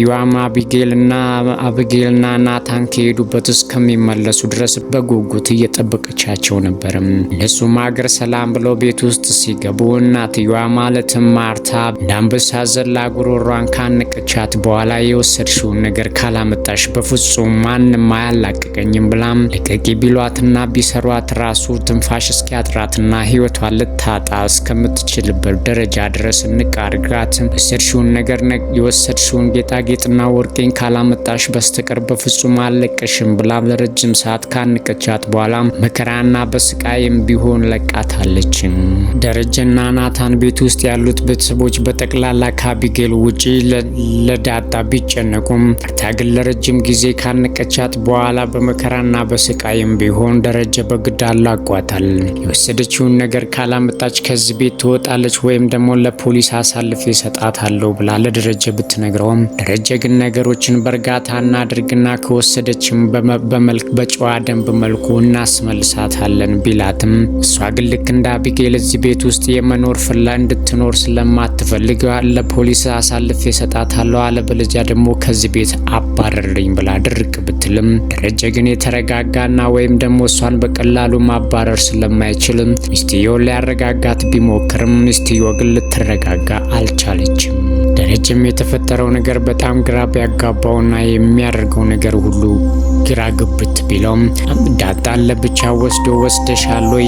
ዮዋም አቢጌልና አብጌልና ናታን ከሄዱበት እስከሚመለሱ ድረስ በጉጉት እየጠበቀቻቸው ነበር። እነሱም አገር ሰላም ብለው ቤት ውስጥ ሲገቡ እናትየዋ ማለትም ማርታ ለአንበሳ ዘላ ጉሮሯን ካነቀቻት በኋላ የወሰድሽውን ነገር ካላመጣሽ በፍጹም ማንም አያላቅቀኝም ብላም ልቀቂ ቢሏትና ቢሰሯት ራሱ ትንፋሽ እስኪያጥራትና ሕይወቷን ልታጣ እስከምትችልበት ደረጃ ድረስ እንቃርጋት የወሰድሽውን ነገር የወሰድሽውን ጌጣ ጌጣጌጥና ወርቄን ካላመጣሽ በስተቀር በፍጹም አለቀሽም ብላ ለረጅም ሰዓት ካንቀቻት በኋላ መከራና በስቃይም ቢሆን ለቃታለች። ደረጀና ናታን ቤት ውስጥ ያሉት ቤተሰቦች በጠቅላላ ከአቢጌል ውጪ ለዳጣ ቢጨነቁም ግን ለረጅም ጊዜ ካንቀቻት በኋላ በመከራና በስቃይም ቢሆን ደረጀ በግድ አላቋታል። የወሰደችውን ነገር ካላመጣች ከዚህ ቤት ትወጣለች ወይም ደግሞ ለፖሊስ አሳልፌ ይሰጣታለሁ ብላ ለደረጀ ብትነግረውም ጀግን ነገሮችን በእርጋታ እናድርግና ከወሰደችም በመልክ በጨዋ ደንብ መልኩ እናስመልሳታለን ቢላትም እሷ ግን ልክ እንደ አቢጌል እዚህ ቤት ውስጥ የመኖር ፍላ እንድትኖር ስለማትፈልግ ለፖሊስ አሳልፌ እሰጣታለሁ አለበለዚያ ደግሞ ከዚህ ቤት አባረርኝ ብላ ድርቅ ብትልም ደረጀ ግን የተረጋጋና ወይም ደግሞ እሷን በቀላሉ ማባረር ስለማይችልም ሚስትዮ ሊያረጋጋት ቢሞክርም ሚስትዮ ግን ልትረጋጋ አልቻለችም። ረጅም የተፈጠረው ነገር በጣም ግራ ያጋባውና የሚያደርገው ነገር ሁሉ ግራ ግብት ቢለውም ዳጣን ለብቻ ወስዶ ወስደሻል ወይ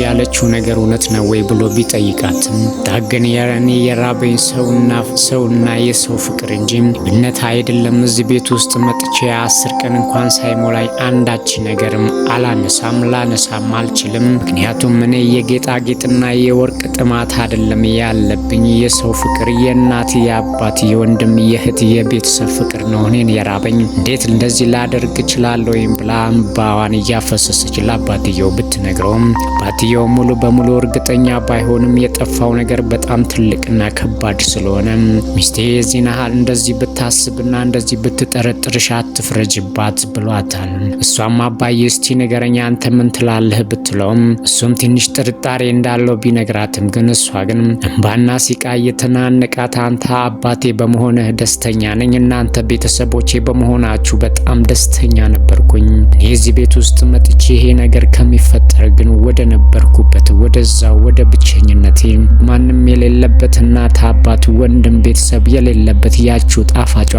ያለችው ነገር እውነት ነው ወይ ብሎ ቢጠይቃትም ዳግን የኔ የራበኝ ሰውና ሰውና የሰው ፍቅር እንጂ እነት አይደለም። እዚህ ቤት ውስጥ መጥቼ አስር ቀን እንኳን ሳይሞላኝ አንዳች ነገርም አላነሳም ላነሳም አልችልም። ምክንያቱም እኔ የጌጣጌጥና የወርቅ ጥማት አይደለም ያለብኝ የሰው ፍቅር የእናት የአባት የወንድም የእህት የቤተሰብ ፍቅር ነው እኔን የራበኝ። እንዴት እንደዚህ ላደርግ ይችላል ወይም ብላ እምባዋን እያፈሰሰች ለአባትየው ብትነግረውም አባትየው ሙሉ በሙሉ እርግጠኛ ባይሆንም የጠፋው ነገር በጣም ትልቅና ከባድ ስለሆነ ሚስቴ የዚህን ያህል እንደዚህ ብታስብና እንደዚህ ብትጠረጥርሽ አትፍረጅባት ብሏታል። እሷም አባዬ እስቲ ንገረኝ አንተ ምን ትላለህ ብትለውም እሱም ትንሽ ጥርጣሬ እንዳለው ቢነግራትም ግን እሷ ግን እምባና ሲቃ እየተናነቃት አንተ አባቴ በመሆንህ ደስተኛ ነኝ፣ እናንተ ቤተሰቦቼ በመሆናችሁ በጣም ደስተኛ ነበርኩኝ። እኔ እዚህ ቤት ውስጥ መጥቼ ይሄ ነገር ከሚፈጠር ግን ወደ ነበርኩበት ወደዛ ወደ ብቸኝነቴ ማንም የሌለበት እናት፣ አባት፣ ወንድም፣ ቤተሰብ የሌለበት ያችው ጣፋጯ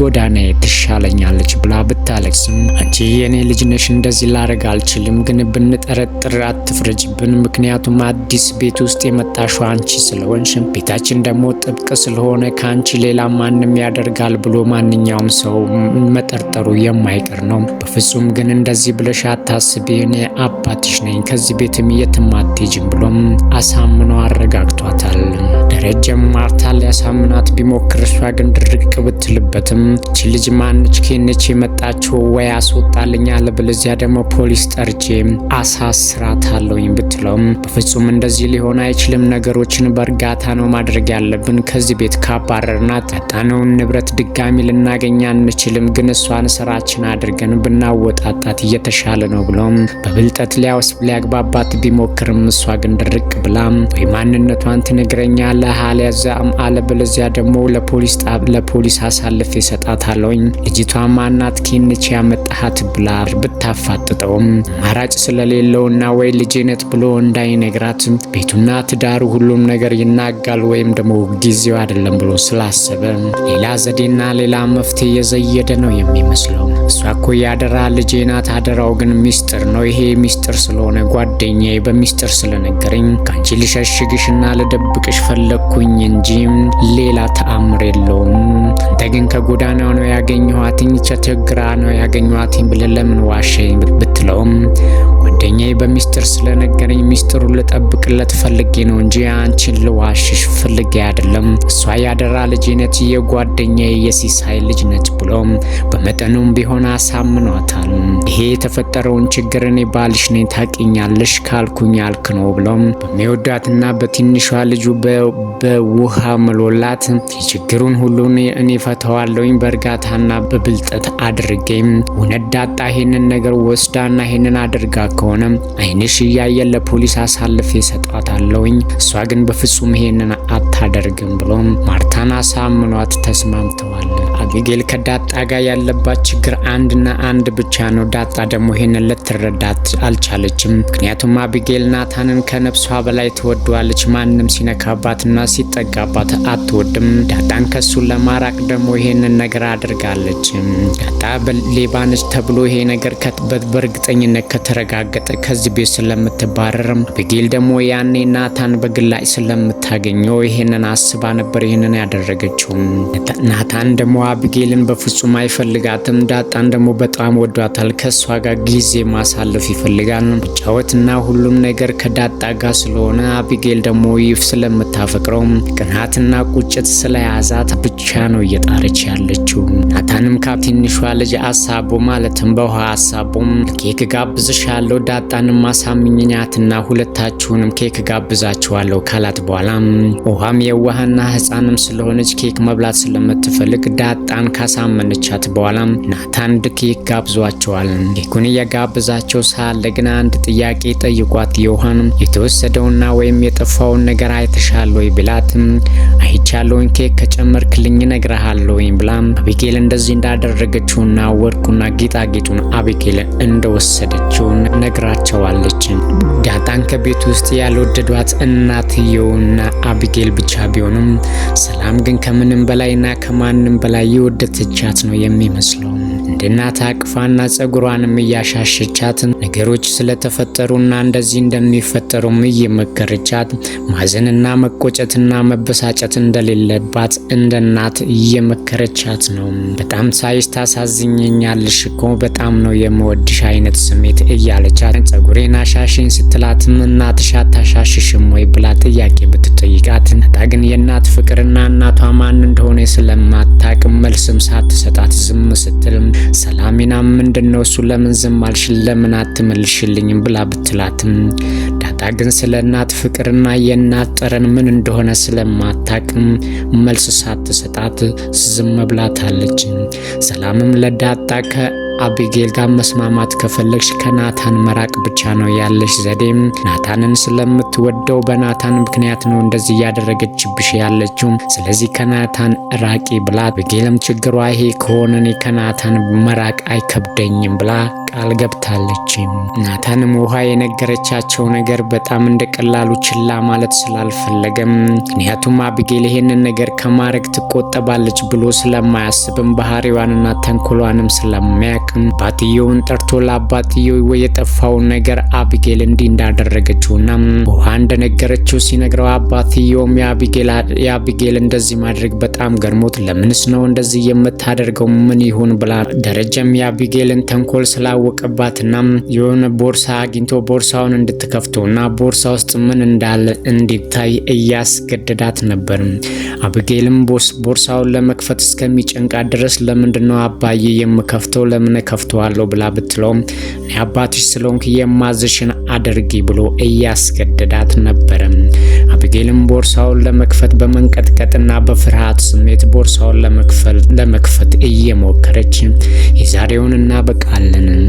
ጎዳና ትሻለኛለች ብላ ብታለቅስም አንቺ የኔ ልጅ ነሽ እንደዚህ ላረግ አልችልም፣ ግን ብንጠረጥር አትፍረጅብን፣ ምክንያቱም አዲስ ቤት ውስጥ የመጣሽው አንቺ ስለሆንሽ ቤታችን ደግሞ ጥብቅ ስለሆነ ከአንቺ ሌላ ማንም ያደርጋል ብሎ ማንኛውም ሰው መጠርጠሩ የማይ የማይቀር ነው። በፍጹም ግን እንደዚህ ብለሽ አታስቢ፣ እኔ አባትሽ ነኝ፣ ከዚህ ቤትም የትም አትሄጂም ብሎም አሳምኖ አረጋግቷታል። ደረጀም ማርታ ሊያሳምናት ቢሞክር እሷ ግን ድርቅ ብትልበትም እቺ ልጅ ማንች ኬነች የመጣችው? ወይ አስወጣልኝ፣ አለበለዚያ ደግሞ ፖሊስ ጠርቼ አሳስራታለሁኝ ብትለውም በፍጹም እንደዚህ ሊሆን አይችልም፣ ነገሮችን በእርጋታ ነው ማድረግ ያለብን። ከዚህ ቤት ካባረርናት ያጣነውን ንብረት ድጋሚ ልናገኝ አንችልም፣ ግን እሷን ስራችን ኦፕሬሽን አድርገን ብናወጣጣት እየተሻለ ነው ብሎም በብልጠት ሊያውስ ሊያግባባት ቢሞክርም እሷ ግን ድርቅ ብላ ወይ ማንነቷን ትነግረኛለህ አለዚያም አለበለዚያ ደግሞ ለፖሊስ ለፖሊስ አሳልፌ እሰጣታለሁኝ ልጅቷ ማናት ኪንች ያመጣሃት ብላ ብታፋጥጠውም አማራጭ ስለሌለውና ወይ ልጅነት ብሎ እንዳይነግራት ቤቱና ትዳሩ ሁሉም ነገር ይናጋል ወይም ደግሞ ጊዜው አይደለም ብሎ ስላሰበ ሌላ ዘዴና ሌላ መፍትሄ የዘየደ ነው የሚመስለው። እሷ እኮ ያደራ ልጄ ናት። አደራው ግን ሚስጥር ነው። ይሄ ሚስጥር ስለሆነ ጓደኛዬ በሚስጥር ስለነገረኝ ከአንቺ ልሸሽግሽና ልደብቅሽ ፈለግኩኝ እንጂ ሌላ ተአምር የለውም። አንተ ግን ከጎዳና ነው ያገኘኋትኝ፣ ከችግራ ነው ያገኘኋትኝ ብለህ ለምን ዋሸኝ ብትለውም ጓደኛዬ በሚስጥር ስለነገረኝ ሚስጥሩን ልጠብቅለት ፈልጌ ነው እንጂ አንቺን ልዋሽሽ ፈልጌ አይደለም። እሷ ያደራ ልጄ ነች፣ የጓደኛዬ የሲሳይ ልጅ ነች ብሎም በመጠኑም ቢሆን ልቧን አሳምኗታል። ይሄ የተፈጠረውን ችግር እኔ ባልሽ ነኝ ታቂኛለሽ ካልኩኝ አልክ ነው ብሎም በሚወዳትና በትንሿ ልጁ በውሃ ምሎላት የችግሩን ሁሉን እኔ ፈተዋለውኝ በእርጋታና በብልጠት አድርጌም ውነዳጣ ይሄንን ነገር ወስዳና ይሄንን አድርጋ ከሆነ አይንሽ እያየ ለፖሊስ አሳልፌ ሰጣታለሁኝ። እሷ ግን በፍጹም ይሄንን አታደርግም ብሎም ማርታን አሳምኗት ተስማምተዋል። አቢጌል ከዳጣ ጋር ያለባት ችግር አንድና አንድ ብቻ ነው። ዳጣ ደግሞ ይሄንን ልትረዳት አልቻለችም። ምክንያቱም አቢጌል ናታንን ከነፍሷ በላይ ትወደዋለች። ማንም ሲነካባትና ሲጠጋባት አትወድም። ዳጣን ከሱ ለማራቅ ደግሞ ይሄንን ነገር አድርጋለች። ዳጣ ሌባነች ተብሎ ይሄ ነገር በእርግጠኝነት ከተረጋገጠ ከዚህ ቤት ስለምትባረርም አቢጌል ደግሞ ያኔ ናታን በግላጭ ስለምታገኘው ይሄንን አስባ ነበር ይህንን ያደረገችው። ናታን ደግሞ አብጌልን በፍጹም አይፈልጋትም። ዳጣን ደግሞ በጣም ወዷታል። ከእሷ ጋር ጊዜ ማሳለፍ ይፈልጋል። ጫወትና ሁሉም ነገር ከዳጣ ጋር ስለሆነ አብጌል ደግሞ ይፍ ስለምታፈቅረው ቅናትና ቁጭት ስለያዛት ብቻ ነው እየጣረች ያለችው። ናታንም ከትንሿ ልጅ አሳቦ ማለትም በውሃ አሳቦም ኬክ ጋብዝሻለሁ፣ ዳጣንም ማሳምኝኛትና ሁለታችሁንም ኬክ ጋብዛችኋለሁ ካላት በኋላ ውሃም የዋህና ህፃንም ስለሆነች ኬክ መብላት ስለምትፈልግ ዳጣ ርብቃን ካሳመነቻት በኋላም ናታን ድኬክ ጋብዟቸዋል። ኬኩን እየጋበዛቸው ሳለ ግን አንድ ጥያቄ ጠይቋት ዮሐን የተወሰደውና ወይም የጠፋውን ነገር አይተሻል ወይ ብላትም አይቻለውኝ ኬክ ከጨመርክልኝ እነግርሃለሁኝ ብላም አቢጌል እንደዚህ እንዳደረገችውና ወርቁና ጌጣጌጡን አቢጌል እንደወሰደችው ነግራቸዋለች። ዳጣን ከቤት ውስጥ ያልወደዷት እናትየውና አቢጌል ብቻ ቢሆንም ሰላም ግን ከምንም በላይና ከማንም በላይ የወደተቻት ነው የሚመስለው። እንደ እናት አቅፋና ጸጉሯንም እያሻሸቻትን ነገሮች ስለተፈጠሩና እንደዚህ እንደሚፈጠሩም እየመከረቻት ማዘንና መቆጨትና መበሳጨት እንደሌለባት እንደ እናት እየመከረቻት ነው። በጣም ሳይሽ ታሳዝኘኛለሽ እኮ በጣም ነው የምወድሽ አይነት ስሜት እያለቻት ጸጉሬን አሻሽኝ ስትላትም እናትሽ አታሻሽሽም ወይ ብላ ጥያቄ ብትጠይቃት ነጣ ግን የእናት ፍቅርና እናቷ ማን እንደሆነ ስለማታቅም መልስም ሳትሰጣት ዝም ስትልም ሰላሚናም ምንድነው እሱ ለምን ዝም አልሽ ለምን አትመልሽልኝም ብላ ብትላትም ዳጣ ግን ስለ እናት ፍቅርና የእናት ጠረን ምን እንደሆነ ስለማታቅም መልስ ሳትሰጣት ዝም ብላታለች። ሰላምም ለዳጣ አቢጌል ጋር መስማማት ከፈለግሽ ከናታን መራቅ ብቻ ነው ያለሽ ዘዴ። ናታንን ስለምትወደው በናታን ምክንያት ነው እንደዚህ እያደረገችብሽ ያለችው። ስለዚህ ከናታን ራቂ ብላ አቢጌልም ችግሯ ይሄ ከሆነ እኔ ከናታን መራቅ አይከብደኝም ብላ ቃል ገብታለችም። ናታንም ውሃ የነገረቻቸው ነገር በጣም እንደ ቀላሉ ችላ ማለት ስላልፈለገም፣ ምክንያቱም አብጌል ይሄንን ነገር ከማድረግ ትቆጠባለች ብሎ ስለማያስብም ባህሪዋንና ተንኮሏንም ስለማያቅም አባትየውን ጠርቶ ለአባትየው የጠፋውን ነገር አብጌል እንዲህ እንዳደረገችውና ውሃ እንደነገረችው ሲነግረው አባትየውም የአብጌል እንደዚህ ማድረግ በጣም ገርሞት ለምንስ ነው እንደዚህ የምታደርገው ምን ይሆን ብላ ደረጀም የአብጌልን ተንኮል ስላ ያወቀባትና የሆነ ቦርሳ አግኝቶ ቦርሳውን እንድትከፍተውና ቦርሳ ውስጥ ምን እንዳለ እንዲታይ እያስገደዳት ነበር። አብጌልም ቦርሳውን ለመክፈት እስከሚጨንቃ ድረስ ለምንድነው አባዬ የምከፍተው? ለምን ከፍተዋለሁ ብላ ብትለውም አባትሽ ስለሆንክ የማዝሽን አድርጊ ብሎ እያስገደዳት ነበረ። አብጌልም ቦርሳውን ለመክፈት በመንቀጥቀጥና በፍርሃት ስሜት ቦርሳውን ለመክፈት እየሞከረች የዛሬውን እናበቃለን።